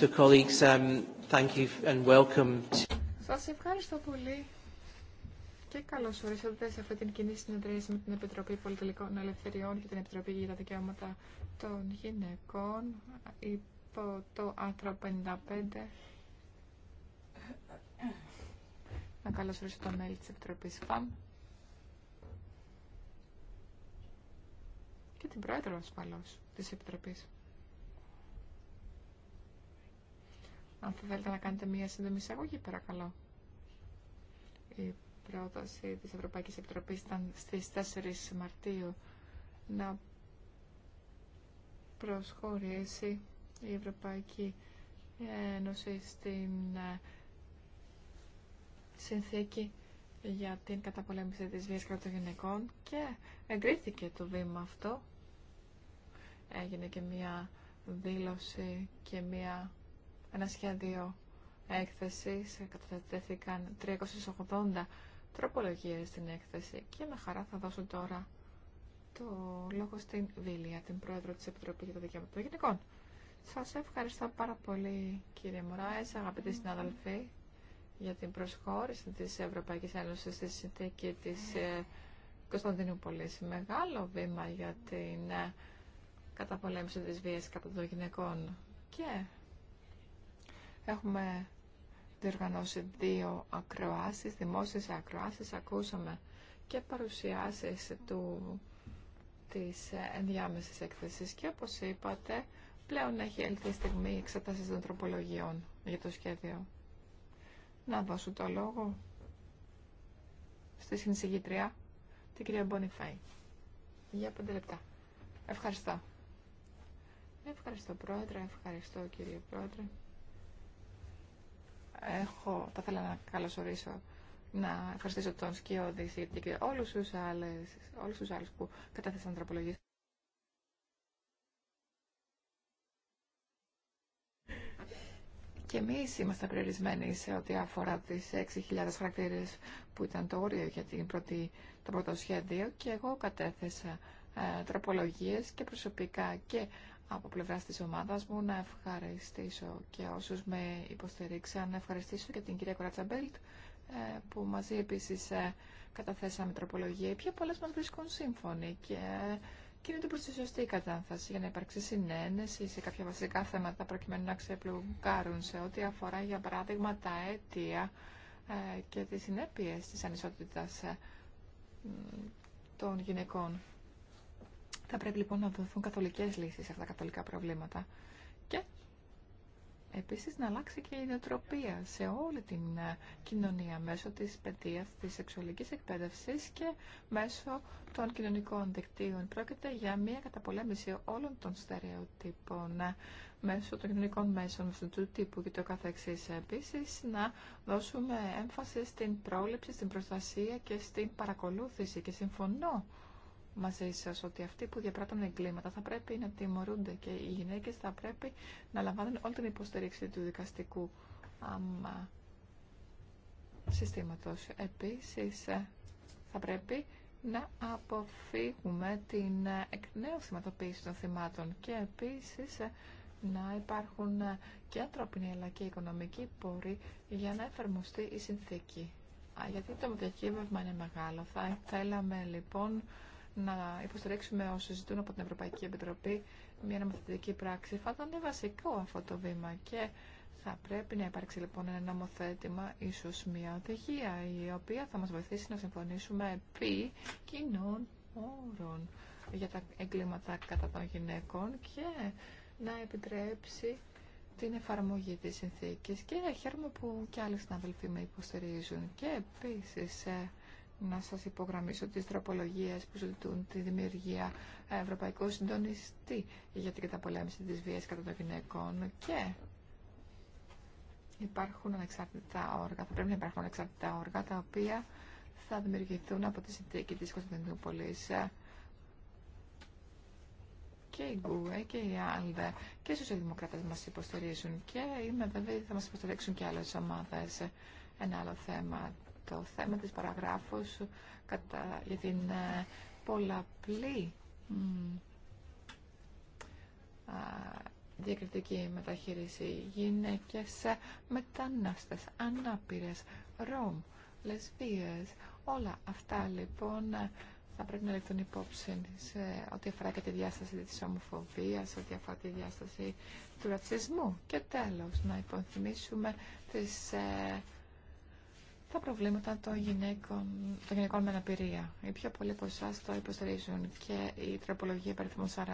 So um, Σας ευχαριστώ πολύ και καλώς ορίσατε σε αυτή την κοινή συνεδρίαση με την Επιτροπή Πολιτελικών Ελευθεριών και την Επιτροπή για τα Δικαιώματα των Γυναικών υπό το άρθρο 55. Να καλώς ορίσω τα μέλη της Επιτροπής ΦΑΜ και την Πρόεδρο ασφαλώς της Επιτροπής. Αν θα θέλετε να κάνετε μία σύντομη εισαγωγή, παρακαλώ. Η πρόταση της Ευρωπαϊκής Επιτροπής ήταν στις 4 Μαρτίου να προσχωρήσει η Ευρωπαϊκή Ένωση στην ε, συνθήκη για την καταπολέμηση της βίας κατά των γυναικών και εγκρίθηκε το βήμα αυτό. Έγινε και μία δήλωση και μία ένα σχέδιο έκθεση. κατατέθηκαν 380 τροπολογίε στην έκθεση και με χαρά θα δώσω τώρα το λόγο στην Βίλια, την Πρόεδρο τη Επιτροπή για τα Δικαιώματα των Γυναικών. Σα ευχαριστώ πάρα πολύ κύριε Μωράε, αγαπητοί συνάδελφοι, για την προσχώρηση της Ευρωπαϊκή Ένωση, στη συνθήκη τη ε, Κωνσταντινούπολης. Μεγάλο βήμα για την ε, καταπολέμηση της βίας κατά των γυναικών και Έχουμε διοργανώσει δύο ακροάσεις, δημόσιες ακροάσεις, ακούσαμε και παρουσιάσεις του, της ενδιάμεσης έκθεσης και όπως είπατε πλέον έχει έλθει η στιγμή εξετάσεις των τροπολογιών για το σχέδιο. Να δώσω το λόγο στη συνσυγητρία, την κυρία Μπονιφέη. Για πέντε λεπτά. Ευχαριστώ. Ευχαριστώ πρόεδρε, ευχαριστώ κύριε πρόεδρε έχω, θα ήθελα να καλωσορίσω, να ευχαριστήσω τον Σκιώδη και όλους τους, άλλες, όλους τους άλλους που κατέθεσαν τροπολογίες. Και εμεί είμαστε περιορισμένοι σε ό,τι αφορά τις 6.000 χαρακτήρες που ήταν το όριο για την το πρώτο σχέδιο. Και εγώ κατέθεσα ε, τροπολογίε και προσωπικά και από πλευράς της ομάδας μου να ευχαριστήσω και όσους με υποστηρίξαν, να ευχαριστήσω και την κυρία Κορατσαμπέλτ ε, που μαζί επίσης ε, καταθέσαμε τροπολογία. Οι πιο πολλές μας βρίσκουν σύμφωνοι και ε, κινείται προς τη σωστή κατάσταση για να υπάρξει συνένεση σε κάποια βασικά θέματα προκειμένου να ξεπλουγκάρουν σε ό,τι αφορά για παράδειγμα τα αίτια και τις συνέπειες της ανισότητας των γυναικών. Θα πρέπει λοιπόν να δοθούν καθολικές λύσεις σε αυτά τα καθολικά προβλήματα. Και επίσης να αλλάξει και η νοοτροπία σε όλη την ε, κοινωνία μέσω της παιδείας, της σεξουαλικής εκπαίδευσης και μέσω των κοινωνικών δικτύων. Πρόκειται για μια καταπολέμηση όλων των στερεοτύπων ε, μέσω των κοινωνικών μέσων, του τύπου και το καθεξής. Επίσης, να δώσουμε έμφαση στην πρόληψη, στην προστασία και στην παρακολούθηση και συμφωνώ μαζί σα ότι αυτοί που διαπράττουν εγκλήματα θα πρέπει να τιμωρούνται και οι γυναίκες θα πρέπει να λαμβάνουν όλη την υποστήριξη του δικαστικού συστήματο. συστήματος. Επίσης, ε, θα πρέπει να αποφύγουμε την ε, εκ νέου θυματοποίηση των θυμάτων και επίσης ε, να υπάρχουν και ανθρώπινοι αλλά και οικονομικοί πόροι για να εφαρμοστεί η συνθήκη. Γιατί το διακύβευμα είναι μεγάλο. Θα θέλαμε λοιπόν να υποστηρίξουμε όσοι ζητούν από την Ευρωπαϊκή Επιτροπή μια νομοθετική πράξη. Φαίνεται βασικό αυτό το βήμα και θα πρέπει να υπάρξει λοιπόν ένα νομοθέτημα, ίσως μια οδηγία, η οποία θα μας βοηθήσει να συμφωνήσουμε επί κοινών όρων για τα εγκλήματα κατά των γυναίκων και να επιτρέψει την εφαρμογή της συνθήκης και χαίρομαι που και άλλοι συναδελφοί με υποστηρίζουν και επίσης ε, να σας υπογραμμίσω τις τροπολογίες που ζητούν τη δημιουργία Ευρωπαϊκού Συντονιστή για την καταπολέμηση της βίας κατά των γυναικών και υπάρχουν ανεξάρτητα όργα, θα πρέπει να υπάρχουν ανεξάρτητα όργα τα οποία θα δημιουργηθούν από τη συνθήκη της Κωνσταντινούπολης και η Γκουέ και η Άλδε και οι σοσιαλδημοκράτες μας υποστηρίζουν και είμαι βέβαιη θα μας υποστηρίξουν και άλλες ομάδες ένα άλλο θέμα το θέμα της παραγράφους κατά, για την ε, πολλαπλή διακριτική μεταχείριση γυναίκες ε, μετανάστες, ανάπηρες, ρομ, λεσβίες όλα αυτά λοιπόν ε, θα πρέπει να λεφθούν υπόψη σε ό,τι αφορά και τη διάσταση της ομοφοβίας, ό,τι αφορά τη διάσταση του ρατσισμού και τέλος να υποθυμίσουμε τις τα προβλήματα των γυναίκων, των γυναικών με αναπηρία. Οι πιο πολλοί από εσά το υποστηρίζουν και η τροπολογία περιθμού 40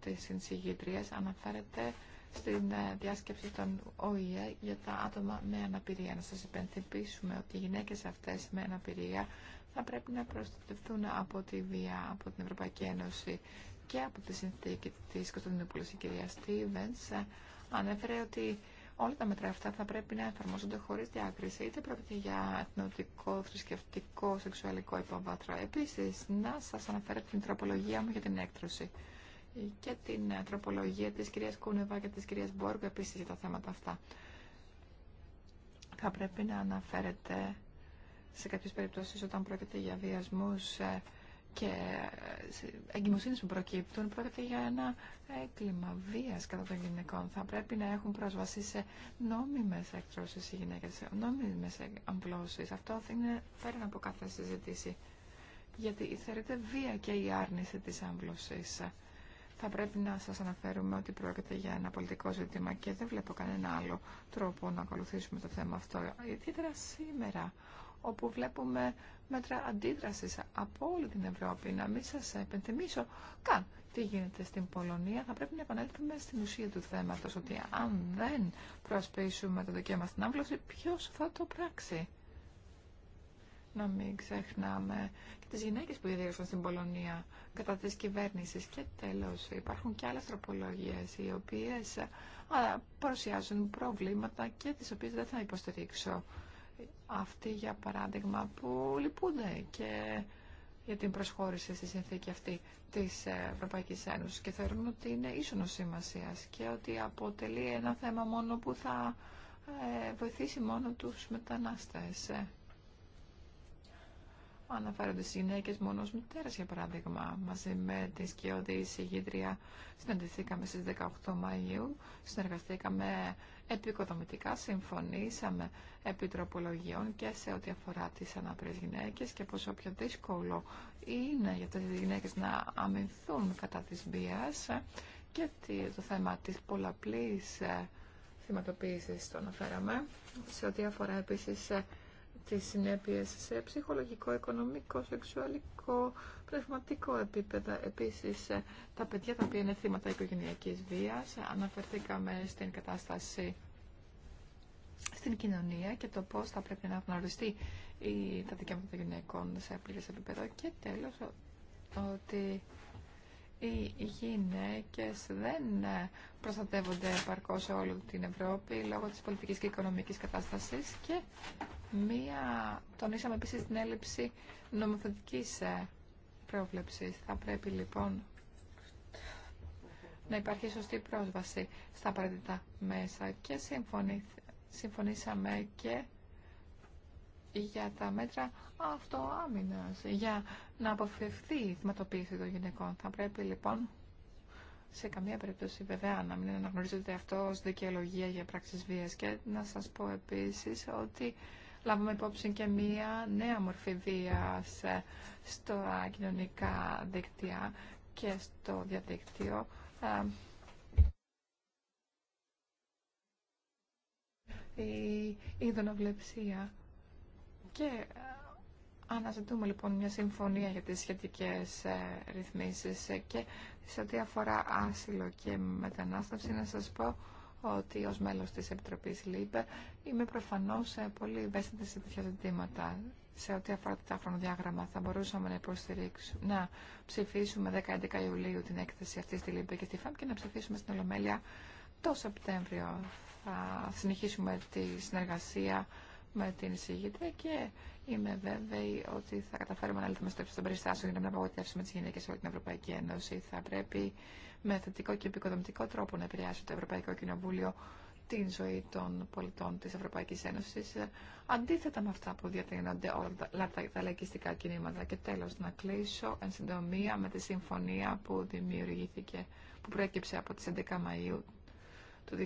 τη συνσηγήτριας αναφέρεται στην ε, διάσκεψη των ΟΗΕ για τα άτομα με αναπηρία. Να σα υπενθυμίσουμε ότι οι γυναίκε αυτέ με αναπηρία θα πρέπει να προστατευτούν από τη βία, από την Ευρωπαϊκή Ένωση και από τη συνθήκη τη Κωνσταντινούπολη. Η κυρία Στίβεν. Ε, ανέφερε ότι όλα τα μέτρα αυτά θα πρέπει να εφαρμόζονται χωρίς διάκριση, είτε πρόκειται για εθνοτικό, θρησκευτικό, σεξουαλικό υποβάθρο. Επίσης, να σας αναφέρω την τροπολογία μου για την έκτρωση και την τροπολογία της κυρίας Κούνεβα και της κυρίας Μπόργκ επίσης για τα θέματα αυτά. Θα πρέπει να αναφέρετε σε κάποιες περιπτώσεις όταν πρόκειται για βιασμούς ε, και εγκυμοσύνες που προκύπτουν πρόκειται για ένα έγκλημα βίας κατά των γυναικών. Θα πρέπει να έχουν πρόσβαση σε νόμιμες εκτρώσεις οι γυναίκες, σε νόμιμες αμπλώσεις. Αυτό θα είναι πέραν από κάθε συζήτηση. Γιατί θεωρείται βία και η άρνηση της άμβλωσης. Θα πρέπει να σας αναφέρουμε ότι πρόκειται για ένα πολιτικό ζήτημα και δεν βλέπω κανένα άλλο τρόπο να ακολουθήσουμε το θέμα αυτό. Ιδιαίτερα σήμερα, όπου βλέπουμε μέτρα αντίδραση από όλη την Ευρώπη. Να μην σα επενθυμίσω καν τι γίνεται στην Πολωνία. Θα πρέπει να επανέλθουμε στην ουσία του θέματο ότι αν δεν προασπίσουμε το δικαίωμα στην άμβλωση, ποιο θα το πράξει. Να μην ξεχνάμε και τις γυναίκες που διαδίωσαν στην Πολωνία κατά τη κυβέρνηση Και τέλο υπάρχουν και άλλε τροπολογίε οι οποίε παρουσιάζουν προβλήματα και τι οποίε δεν θα υποστηρίξω αυτή για παράδειγμα που λυπούνται και για την προσχώρηση στη συνθήκη αυτή της Ευρωπαϊκής Ένωσης και θεωρούν ότι είναι ίσονος σημασία και ότι αποτελεί ένα θέμα μόνο που θα ε, βοηθήσει μόνο τους μετανάστες αναφέρονται στι γυναίκε μόνο μητέρα, για παράδειγμα. Μαζί με τη σκιώδη εισηγήτρια συναντηθήκαμε στι 18 Μαου, συνεργαστήκαμε επικοδομητικά, συμφωνήσαμε επί τροπολογιών και σε ό,τι αφορά τι ανάπηρε γυναίκε και πόσο πιο δύσκολο είναι για αυτέ τι γυναίκε να αμυνθούν κατά τη βία και το θέμα τη πολλαπλή ε, θυματοποίηση το αναφέραμε. Σε ό,τι αφορά επίση ε, τι συνέπειε σε ψυχολογικό, οικονομικό, σεξουαλικό, πνευματικό επίπεδο. Επίσης, ε, τα παιδιά τα οποία είναι θύματα οικογενειακή βίας, ε, αναφερθήκαμε στην κατάσταση στην κοινωνία και το πώ θα πρέπει να γνωριστεί η, τα δικαιώματα των γυναικών σε πλήρες επίπεδο και τέλο ότι οι γυναίκες δεν ε, προστατεύονται επαρκώς σε όλη την Ευρώπη λόγω της πολιτικής και οικονομικής κατάστασης και Μία, τονίσαμε επίσης την έλλειψη νομοθετικής ε, πρόβλεψης. Θα πρέπει λοιπόν να υπάρχει σωστή πρόσβαση στα απαραίτητα μέσα και συμφωνήσαμε και για τα μέτρα αυτοάμυνας, για να αποφευθεί η θυματοποίηση των γυναικών. Θα πρέπει λοιπόν σε καμία περίπτωση βέβαια να μην αναγνωρίζεται αυτό ως δικαιολογία για πράξεις βίας και να σας πω επίσης ότι λάβουμε υπόψη και μία νέα μορφή βίας στα κοινωνικά δίκτυα και στο διαδίκτυο. Ε, η ειδωνοβλεψία. Και ε, αναζητούμε λοιπόν μια συμφωνία για τις σχετικές ε, ρυθμίσεις και σε ό,τι αφορά άσυλο και μετανάστευση να σας πω ότι ως μέλος της Επιτροπής ΛΥΠΕ είμαι προφανώς ε, πολύ ευαίσθητη σε τέτοια ζητήματα. Σε ό,τι αφορά τα χρονοδιάγραμμα θα μπορούσαμε να υποστηρίξουμε, να ψηφίσουμε 10-11 Ιουλίου την έκθεση αυτή στη ΛΥΠΕ και στη ΦΑΜ και να ψηφίσουμε στην Ολομέλεια το Σεπτέμβριο. Θα συνεχίσουμε τη συνεργασία με την εισηγήτρια και είμαι βέβαιη ότι θα καταφέρουμε να λυθούμε στο ύψο για να μην απογοητεύσουμε τι γυναίκε σε όλη την Ευρωπαϊκή Ένωση. Θα πρέπει με θετικό και επικοδομητικό τρόπο να επηρεάσει το Ευρωπαϊκό Κοινοβούλιο την ζωή των πολιτών της Ευρωπαϊκής Ένωσης, αντίθετα με αυτά που διατείνονται όλα τα λαϊκιστικά κινήματα. Και τέλος, να κλείσω εν συντομία με τη συμφωνία που δημιουργήθηκε, που προέκυψε από τις 11 Μαΐου του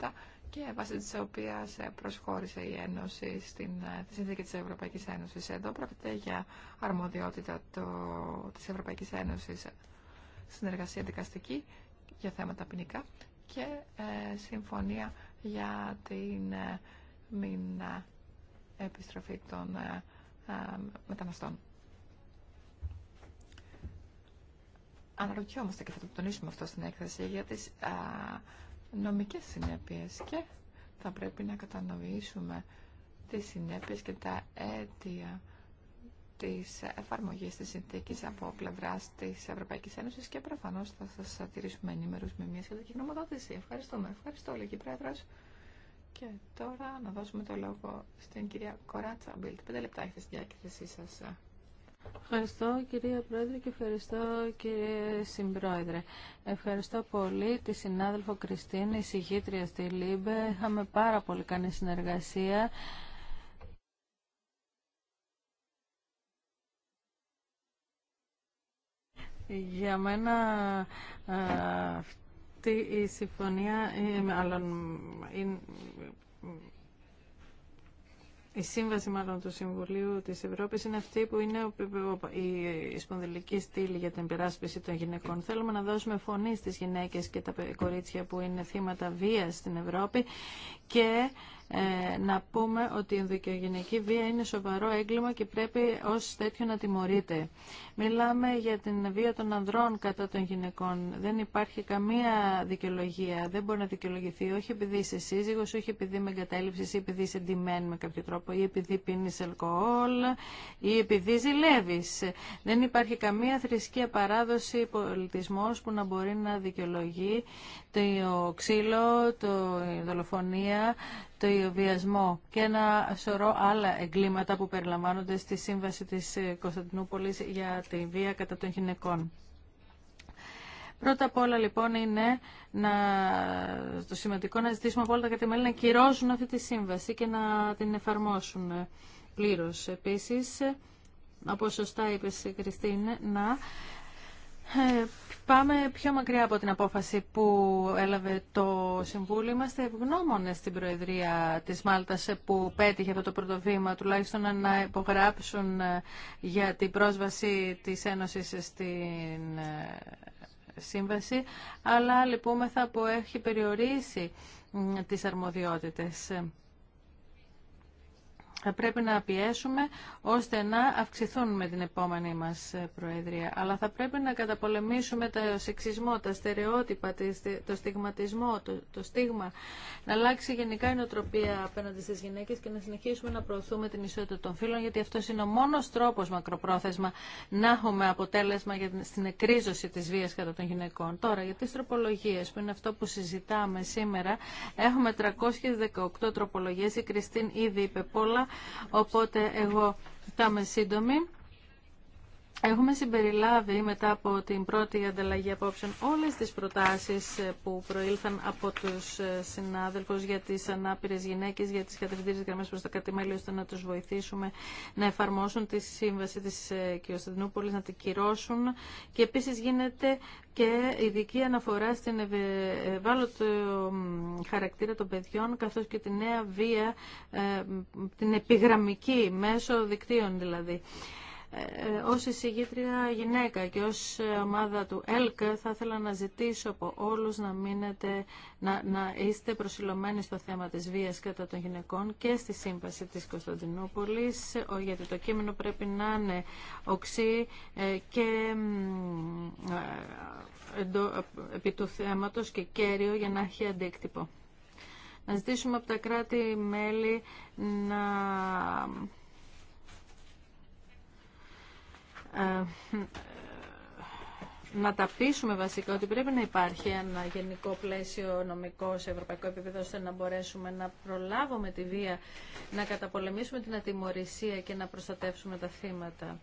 2017 και βάσει της οποίας ε, προσχώρησε η Ένωση στην ε, Συνθήκη της Ευρωπαϊκής Ένωσης. Εδώ πρόκειται για αρμοδιότητα το, της Ευρωπαϊκής Ένωσης συνεργασία δικαστική για θέματα ποινικά και ε, συμφωνία για την ε, ε επιστροφή των ε, μεταναστών. Αναρωτιόμαστε και θα το τονίσουμε αυτό στην έκθεση για τις νομικές συνέπειες και θα πρέπει να κατανοήσουμε τις συνέπειες και τα αίτια τις εφαρμογή της συνθήκης από πλευρά της Ευρωπαϊκής Ένωσης και προφανώς θα σας τηρήσουμε ενήμερους με μια σχετική γνωμοδότηση. Ευχαριστούμε. Ευχαριστώ, λέγει Πρόεδρος. Και τώρα να δώσουμε το λόγο στην κυρία Κοράτσα Μπίλτ. Πέντε λεπτά έχετε στη διάκριση σας. Ευχαριστώ κυρία Πρόεδρε και ευχαριστώ κύριε Συμπρόεδρε. Ευχαριστώ πολύ τη συνάδελφο Κριστίνη, η συγγήτρια στη ΛΥΜΠΕ. Είχαμε πάρα πολύ καλή συνεργασία. Για μένα ε, αυτή η συμφωνία, ε, μάλλον ε, η σύμβαση μάλλον του Συμβουλίου της Ευρώπης είναι αυτή που είναι η σπονδυλική στήλη για την περάσπιση των γυναικών. Θέλουμε να δώσουμε φωνή στις γυναίκες και τα κορίτσια που είναι θύματα βίας στην Ευρώπη και ε, να πούμε ότι η ενδοκιογενειακή βία είναι σοβαρό έγκλημα και πρέπει ως τέτοιο να τιμωρείται. Μιλάμε για την βία των ανδρών κατά των γυναικών. Δεν υπάρχει καμία δικαιολογία. Δεν μπορεί να δικαιολογηθεί όχι επειδή είσαι σύζυγος, όχι επειδή με εγκατέλειψε ή επειδή είσαι ντυμένη με κάποιο τρόπο ή επειδή πίνεις αλκοόλ ή επειδή ζηλεύεις. Δεν υπάρχει καμία θρησκεία παράδοση ή πολιτισμός που να μπορεί να δικαιολογεί το ξύλο, το δολοφονία, το βιασμό και ένα σωρό άλλα εγκλήματα που περιλαμβάνονται στη Σύμβαση της Κωνσταντινούπολης για τη βία κατά των γυναικών. Πρώτα απ' όλα λοιπόν είναι να, το σημαντικό να ζητήσουμε από όλα τα κατεμέλη να κυρώσουν αυτή τη σύμβαση και να την εφαρμόσουν πλήρως. Επίσης, όπως σωστά είπε η Κριστίν, να ε, πάμε πιο μακριά από την απόφαση που έλαβε το Συμβούλιο. Είμαστε ευγνώμονες στην Προεδρία της Μάλτας που πέτυχε αυτό το πρώτο τουλάχιστον να υπογράψουν ε, για την πρόσβαση της Ένωσης στην ε, Σύμβαση, αλλά λυπούμεθα που έχει περιορίσει τις αρμοδιότητες θα πρέπει να πιέσουμε ώστε να αυξηθούν με την επόμενη μας ε, Προεδρία. Αλλά θα πρέπει να καταπολεμήσουμε το σεξισμό, τα στερεότυπα, το στιγματισμό, το, το στίγμα, να αλλάξει γενικά η νοοτροπία απέναντι στις γυναίκες και να συνεχίσουμε να προωθούμε την ισότητα των φύλων, γιατί αυτό είναι ο μόνος τρόπος μακροπρόθεσμα να έχουμε αποτέλεσμα για την, στην εκρίζωση της βίας κατά των γυναικών. Τώρα, για τις τροπολογίες, που είναι αυτό που συζητάμε σήμερα, έχουμε 318 τροπολογίες. Η Κριστίν ήδη είπε πολλά οπότε εγώ θα είμαι σύντομη. Έχουμε συμπεριλάβει μετά από την πρώτη ανταλλαγή απόψεων όλες τις προτάσεις ε, που προήλθαν από τους ε, συνάδελφους για τις ανάπηρες γυναίκες, για τις κατευθύντες γραμμές προς τα κατημέλη, ώστε να τους βοηθήσουμε να εφαρμόσουν τη σύμβαση της ε, Κιωσταντινούπολης, να την κυρώσουν και επίσης γίνεται και ειδική αναφορά στην ευάλωτη χαρακτήρα των παιδιών καθώς και τη νέα βία, την επιγραμμική μέσω δικτύων δηλαδή. Ε, ως εισηγήτρια γυναίκα και ως ομάδα του ΕΛΚ θα ήθελα να ζητήσω από όλους να, να, να είστε προσιλωμένοι στο θέμα της βίας κατά των γυναικών και στη σύμβαση της Κωνσταντινούπολης γιατί το κείμενο πρέπει να είναι οξύ ε, και ε, επί του θέματος και κέριο για να έχει αντίκτυπο. Να ζητήσουμε από τα κράτη-μέλη να να τα πείσουμε βασικά ότι πρέπει να υπάρχει ένα γενικό πλαίσιο νομικό σε ευρωπαϊκό επίπεδο ώστε να μπορέσουμε να προλάβουμε τη βία, να καταπολεμήσουμε την ατιμορρησία και να προστατεύσουμε τα θύματα.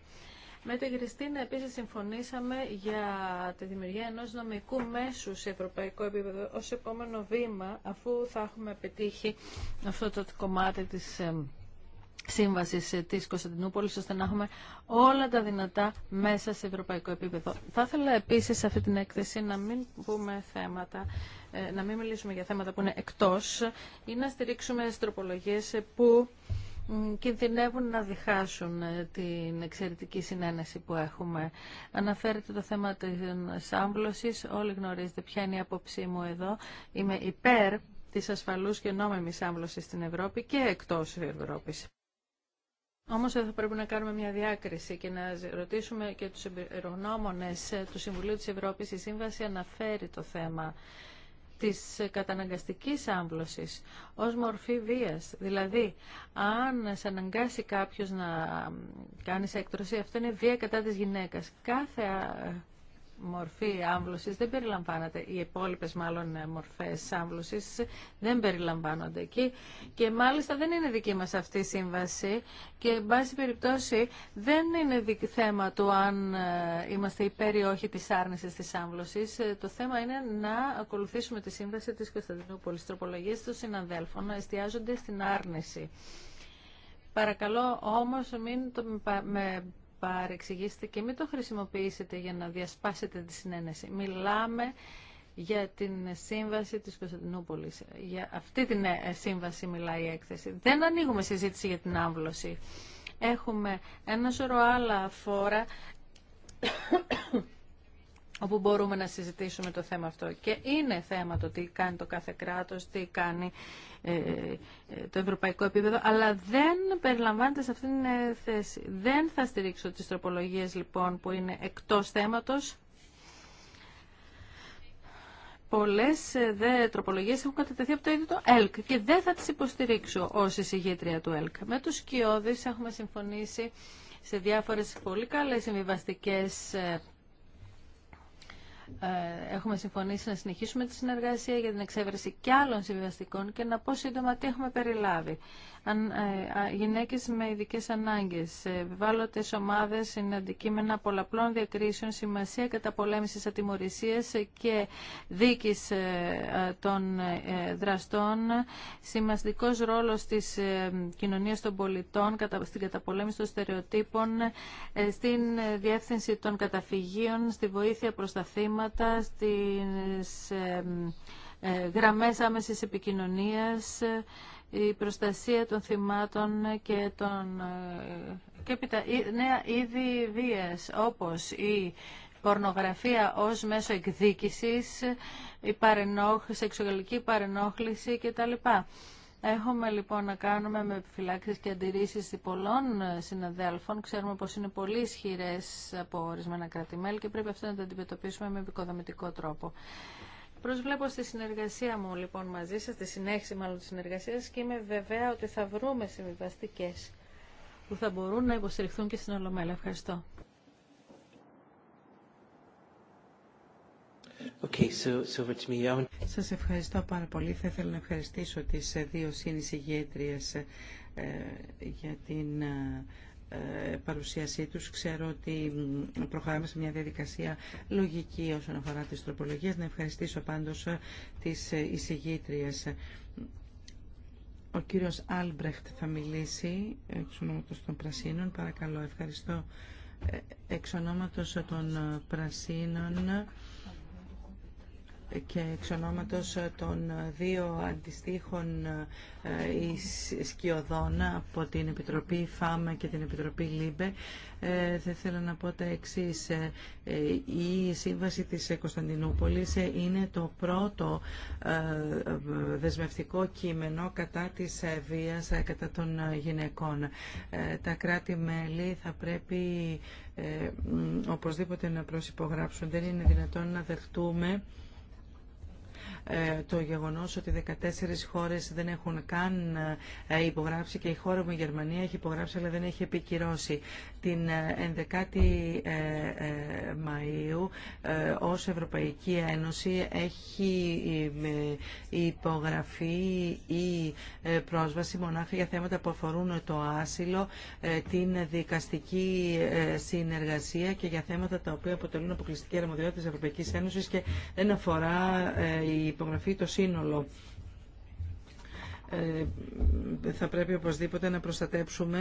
Με την Χριστίνα επίσης συμφωνήσαμε για τη δημιουργία ενός νομικού μέσου σε ευρωπαϊκό επίπεδο ω επόμενο βήμα αφού θα έχουμε πετύχει αυτό το κομμάτι της σύμβαση ε, τη Κωνσταντινούπολη, ώστε να έχουμε όλα τα δυνατά μέσα σε ευρωπαϊκό επίπεδο. Θα ήθελα επίση σε αυτή την έκθεση να μην πούμε θέματα, ε, να μην μιλήσουμε για θέματα που είναι εκτό ή να στηρίξουμε τροπολογίε που κινδυνεύουν να διχάσουν ε, την εξαιρετική συνένεση που έχουμε. Αναφέρεται το θέμα της άμβλωσης. Όλοι γνωρίζετε ποια είναι η απόψή μου εδώ. Είμαι υπέρ της ασφαλούς και νόμιμης άμβλωσης στην Ευρώπη και εκτός Ευρώπης εδώ θα πρέπει να κάνουμε μια διάκριση και να ρωτήσουμε και τους εμπειρογνώμονε ε, του Συμβουλίου της Ευρώπης. Η Σύμβαση αναφέρει το θέμα της καταναγκαστικής άμβλωσης ω μορφή βία. Δηλαδή, αν σε αναγκάσει κάποιος να κάνει έκτρωση, αυτό είναι βία κατά της γυναίκας. Κάθε μορφή άμβλωσης δεν περιλαμβάνεται, οι υπόλοιπε μάλλον ε, μορφές άμβλωσης δεν περιλαμβάνονται εκεί και μάλιστα δεν είναι δική μας αυτή η σύμβαση και εν πάση περιπτώσει δεν είναι θέμα του αν ε, είμαστε υπέρ ή όχι της άρνησης της άμβλωσης. Ε, το θέμα είναι να ακολουθήσουμε τη σύμβαση της Κωνσταντινούπολης. Τροπολογίες των συναδέλφων να εστιάζονται στην άρνηση. Παρακαλώ όμως μην το με παρεξηγήσετε και μην το χρησιμοποιήσετε για να διασπάσετε τη συνένεση. Μιλάμε για την σύμβαση της Κωνσταντινούπολης. Για αυτή την ε, σύμβαση μιλάει η έκθεση. Δεν ανοίγουμε συζήτηση για την άμβλωση. Έχουμε ένα σωρό άλλα φόρα όπου μπορούμε να συζητήσουμε το θέμα αυτό. Και είναι θέμα το τι κάνει το κάθε κράτος, τι κάνει ε, ε, το ευρωπαϊκό επίπεδο, αλλά δεν περιλαμβάνεται σε αυτήν την θέση. Δεν θα στηρίξω τις τροπολογίες λοιπόν που είναι εκτός θέματος. Πολλές ε, δε τροπολογίες έχουν κατατεθεί από το ίδιο το ΕΛΚ και δεν θα τις υποστηρίξω ως εισηγήτρια του ΕΛΚ. Με τους σκιώδεις έχουμε συμφωνήσει σε διάφορες πολύ καλές συμβιβαστικές ε, έχουμε συμφωνήσει να συνεχίσουμε τη συνεργασία για την εξέβρεση και άλλων συμβιβαστικών και να πω σύντομα τι έχουμε περιλάβει. Αν, ε, γυναίκες με ειδικέ ανάγκες, ευάλωτες ομάδες είναι αντικείμενα πολλαπλών διακρίσεων, σημασία καταπολέμησης ατιμορρησίας και δίκης ε, των δραστών, σημαντικός ρόλος της κοινωνίας των πολιτών στην καταπολέμηση των στερεοτύπων, στην διεύθυνση των καταφυγίων, στη βοήθεια προς τα θύματα, προγράμματα, στις ε, γραμμές άμεσης επικοινωνίας, η προστασία των θυμάτων και των ε, και ε, νέα είδη βίας, όπως η πορνογραφία ως μέσο εκδίκησης, η παρενόχ, σεξουαλική παρενόχληση κτλ. Έχουμε λοιπόν να κάνουμε με επιφυλάξεις και αντιρρήσεις πολλών ε, συναδέλφων. Ξέρουμε πως είναι πολύ ισχυρέ από ορισμένα κράτη-μέλη και πρέπει αυτό να τα αντιμετωπίσουμε με επικοδομητικό τρόπο. Προσβλέπω στη συνεργασία μου λοιπόν μαζί σας, στη συνέχιση μάλλον της συνεργασίας και είμαι βεβαία ότι θα βρούμε συμβιβαστικέ που θα μπορούν να υποστηριχθούν και στην Ολομέλεια. Ευχαριστώ. Okay, um, Σας ευχαριστώ πάρα πολύ. Θα ήθελα να ευχαριστήσω τις ε, δύο ε, για την ε, ε, παρουσίασή τους. Ξέρω ότι προχωράμε σε μια διαδικασία λογική όσον αφορά τις τροπολογίες. Να ευχαριστήσω πάντως τις εισηγήτριες. Ο κύριος Άλμπρεχτ θα μιλήσει εξ ονόματος των Πρασίνων. Παρακαλώ, ευχαριστώ. Εξ ονόματος των Πρασίνων και εξ των δύο αντιστοίχων ε, σκιωδών από την Επιτροπή φάμε και την Επιτροπή ΛΥΜΠΕ ε, θα ήθελα να πω τα εξή. Ε, η Σύμβαση της Κωνσταντινούπολης είναι το πρώτο δεσμευτικό κείμενο κατά της βίας κατά των γυναικών. Τα κράτη-μέλη θα πρέπει οπωσδήποτε να προσυπογράψουν. Δεν είναι δυνατόν να δεχτούμε ε, το γεγονός ότι 14 χώρες δεν έχουν καν ε, υπογράψει και η χώρα μου η Γερμανία έχει υπογράψει αλλά δεν έχει επικυρώσει την 11η ε, ε, ε, Μαΐου ως Ευρωπαϊκή Ένωση έχει υπογραφεί η πρόσβαση μονάχα για θέματα που αφορούν το άσυλο, την δικαστική συνεργασία και για θέματα τα οποία αποτελούν αποκλειστική αρμοδιότητα της Ευρωπαϊκής Ένωσης και δεν αφορά η υπογραφή το σύνολο ε, θα πρέπει οπωσδήποτε να προστατέψουμε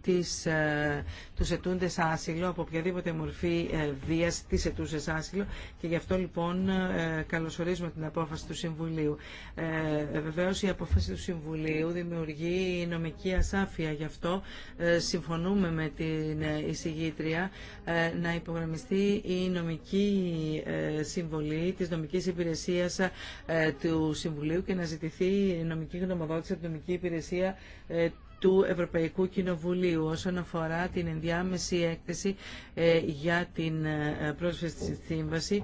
τις, ε, τους ετούντες άσυλο από οποιαδήποτε μορφή ε, βίας τις ετούσες άσυλο και γι' αυτό λοιπόν καλωσορίζουμε την απόφαση του Συμβουλίου. Βεβαίως η απόφαση του Συμβουλίου δημιουργεί νομική ασάφεια γι' αυτό συμφωνούμε με την εισηγήτρια να υπογραμμιστεί η νομική συμβολή της νομικής υπηρεσίας του Συμβουλίου και να ζητηθεί νομική γνωμοδότηση από την νομική υπηρεσία ε, του Ευρωπαϊκού Κοινοβουλίου όσον αφορά την ενδιάμεση έκθεση ε, για την ε, πρόσφαση στη σύμβαση.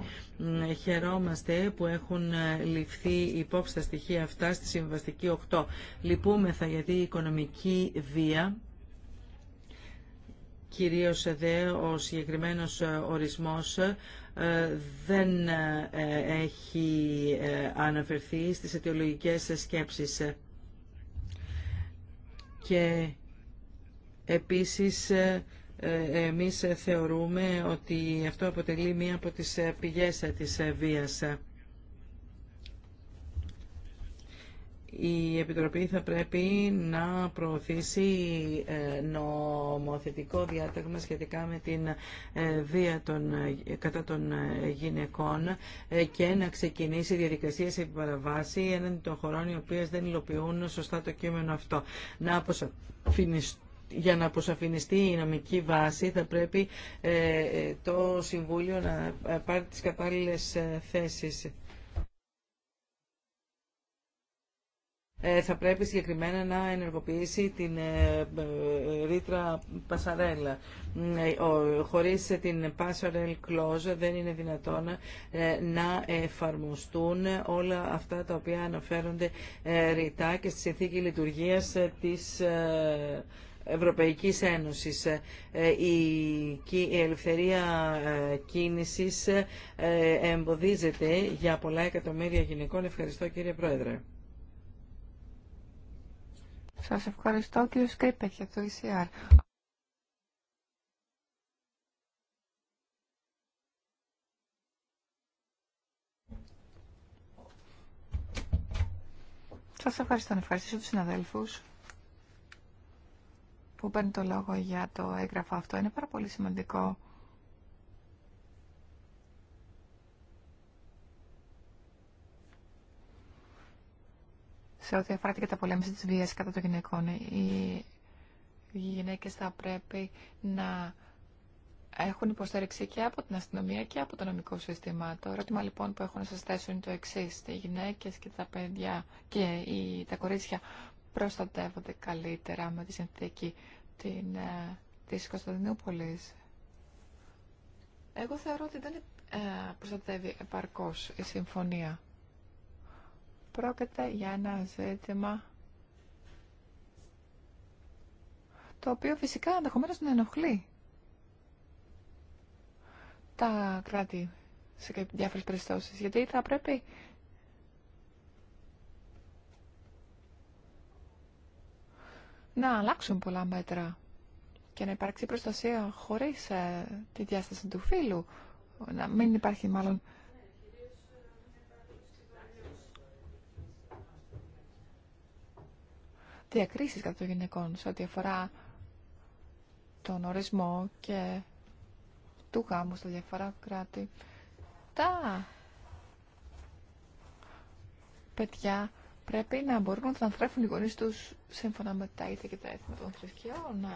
Χαιρόμαστε που έχουν ληφθεί υπόψη τα στοιχεία αυτά στη συμβαστική 8. Λυπούμεθα γιατί η οικονομική βία κυρίως δε ο συγκεκριμένος ορισμός ε, δεν ε, έχει ε, αναφερθεί στις αιτιολογικές σκέψεις. Και επίσης εμείς θεωρούμε ότι αυτό αποτελεί μία από τις πηγές της βίας. η Επιτροπή θα πρέπει να προωθήσει ε, νομοθετικό διάταγμα σχετικά με την ε, βία των, ε, κατά των γυναικών και να ξεκινήσει διαδικασίε σε παραβάση έναντι των χωρών οι οποίες δεν υλοποιούν σωστά το κείμενο αυτό. Να για να αποσαφινιστεί η νομική βάση θα πρέπει το Συμβούλιο να πάρει τις κατάλληλες θέσεις. Ε, θα πρέπει συγκεκριμένα να ενεργοποιήσει την ε, ε, ρήτρα Πασαρέλα. Χωρίς την Πασαρέλ Clause δεν είναι δυνατόν να εφαρμοστούν όλα αυτά τα οποία αναφέρονται ρητά και στη συνθήκη λειτουργίας της Ευρωπαϊκής Ένωσης. Η ελευθερία κίνησης εμποδίζεται για πολλά εκατομμύρια γυναικών. Ευχαριστώ κύριε Πρόεδρε. Σας ευχαριστώ κύριο Σκρίπετ για το ECR. Σας ευχαριστώ να ευχαριστήσω τους συναδέλφους που παίρνει το λόγο για το έγγραφο αυτό. Είναι πάρα πολύ σημαντικό σε ό,τι αφορά τα καταπολέμηση της βίας κατά των γυναικών. Οι γυναίκες θα πρέπει να έχουν υποστήριξη και από την αστυνομία και από το νομικό σύστημα. Το ερώτημα λοιπόν που έχω να σας θέσω είναι το εξή. Οι γυναίκες και τα παιδιά και τα κορίτσια προστατεύονται καλύτερα με τη συνθήκη την, ε, της Κωνσταντινούπολης. Εγώ θεωρώ ότι δεν ε, προστατεύει επαρκώς η συμφωνία. Πρόκειται για ένα ζήτημα το οποίο φυσικά ενδεχομένω να ενοχλεί τα κράτη σε διάφορες περιπτώσει. γιατί θα πρέπει να αλλάξουν πολλά μέτρα και να υπάρξει προστασία χωρίς ε, τη διάσταση του φύλου, να μην υπάρχει μάλλον διακρίσεις κατά των γυναικών σε ό,τι αφορά τον ορισμό και του γάμου στα διαφορά κράτη. Τα παιδιά πρέπει να μπορούν να τα ανθρέφουν οι γονείς τους σύμφωνα με τα ίδια και τα έθιμα των θρησκειών.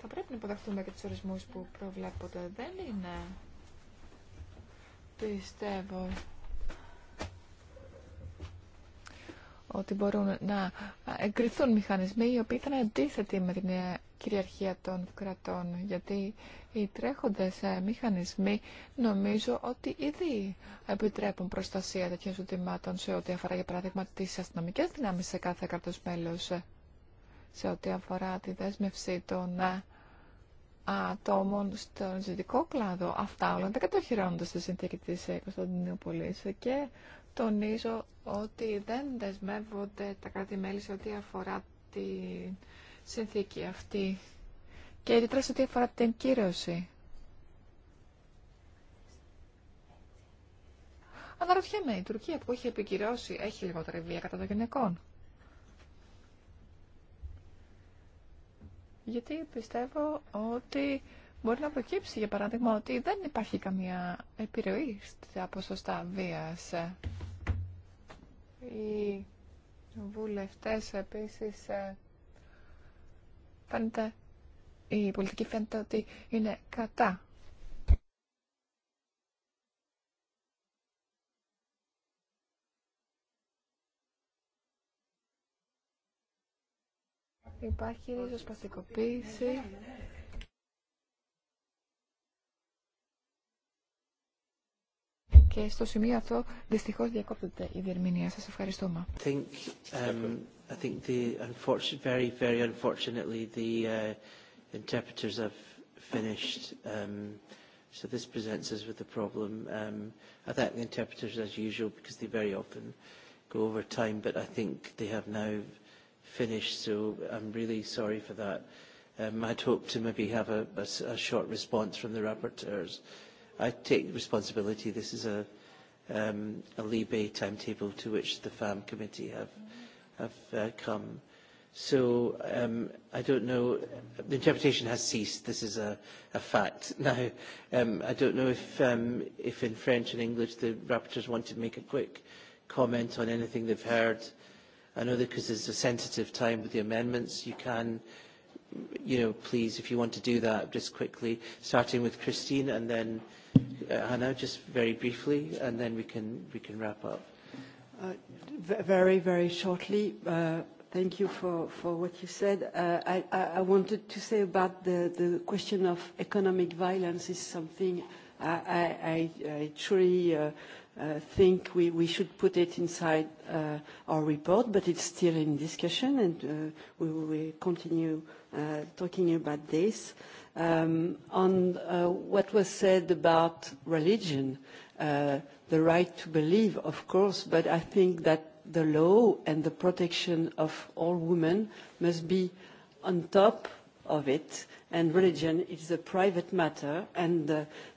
Θα πρέπει να υποδεχτούμε και τους ορισμούς που προβλέπονται. Δεν είναι, πιστεύω, ότι μπορούν να εγκριθούν μηχανισμοί οι οποίοι ήταν αντίθετοι με την ε, κυριαρχία των κρατών, γιατί οι τρέχοντες ε, μηχανισμοί νομίζω ότι ήδη επιτρέπουν προστασία τέτοιων ζητημάτων σε ό,τι αφορά για παράδειγμα τις αστυνομικές δυνάμεις σε κάθε κράτος μέλος, σε ό,τι αφορά τη δέσμευση των ε, ατόμων στον ζητικό κλάδο. Αυτά όλα δεν κατοχυρώνονται στη συνθήκη της Κωνσταντινούπολης και τονίζω ότι δεν δεσμεύονται τα κράτη-μέλη σε ό,τι αφορά τη συνθήκη αυτή και ειδικά σε ό,τι αφορά την κύρωση. Αναρωτιέμαι, η Τουρκία που έχει επικυρώσει έχει λιγότερη βία κατά των γυναικών. Γιατί πιστεύω ότι μπορεί να προκύψει, για παράδειγμα, ότι δεν υπάρχει καμία επιρροή στα ποσοστά βίας οι βουλευτές επίσης ε, φαίνεται, η πολιτική φαίνεται ότι είναι κατά Υπάρχει ριζοσπαστικοποίηση Και στο σημείο αυτό δυστυχώς διακόπτεται η διερμηνία. Σας ευχαριστούμε. I think, the very, very unfortunately, the interpreters have finished. so this presents us with a problem. Um, I thank the interpreters as usual because they very often go over time, but I think they have now finished, so I'm really sorry for that. I'd hope to maybe have a, a, a short response from the rapporteurs I take responsibility. This is a um, a Libe timetable to which the FAM committee have have come. So um, I don't know. The interpretation has ceased. This is a, a fact. Now, um, I don't know if, um, if in French and English the rapporteurs want to make a quick comment on anything they've heard. I know that because it's a sensitive time with the amendments, you can, you know, please, if you want to do that, just quickly, starting with Christine and then Hannah, just very briefly, and then we can we can wrap up. Very, very shortly. Thank you for for what you said. I I wanted to say about the the question of economic violence is something I I I truly think we we should put it inside our report, but it's still in discussion, and we will continue talking about this. On what was said about religion, the right to believe, of course, but I think that the law and the protection of all women must be on top of it, and religion is a private matter, and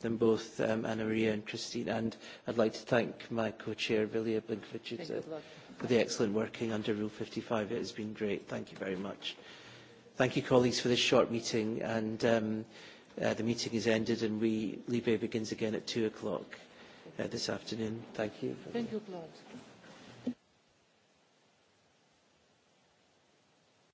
them both, Anna Maria and Christine. And I'd like to thank my co-chair, Vilia Blinkovic, for the excellent working under Rule 55. It has been great. Thank you very much. Thank you, colleagues, for this short meeting. And the meeting is ended, and we, Libe begins again at 2 o'clock this afternoon. Thank you. Thank you, Claude.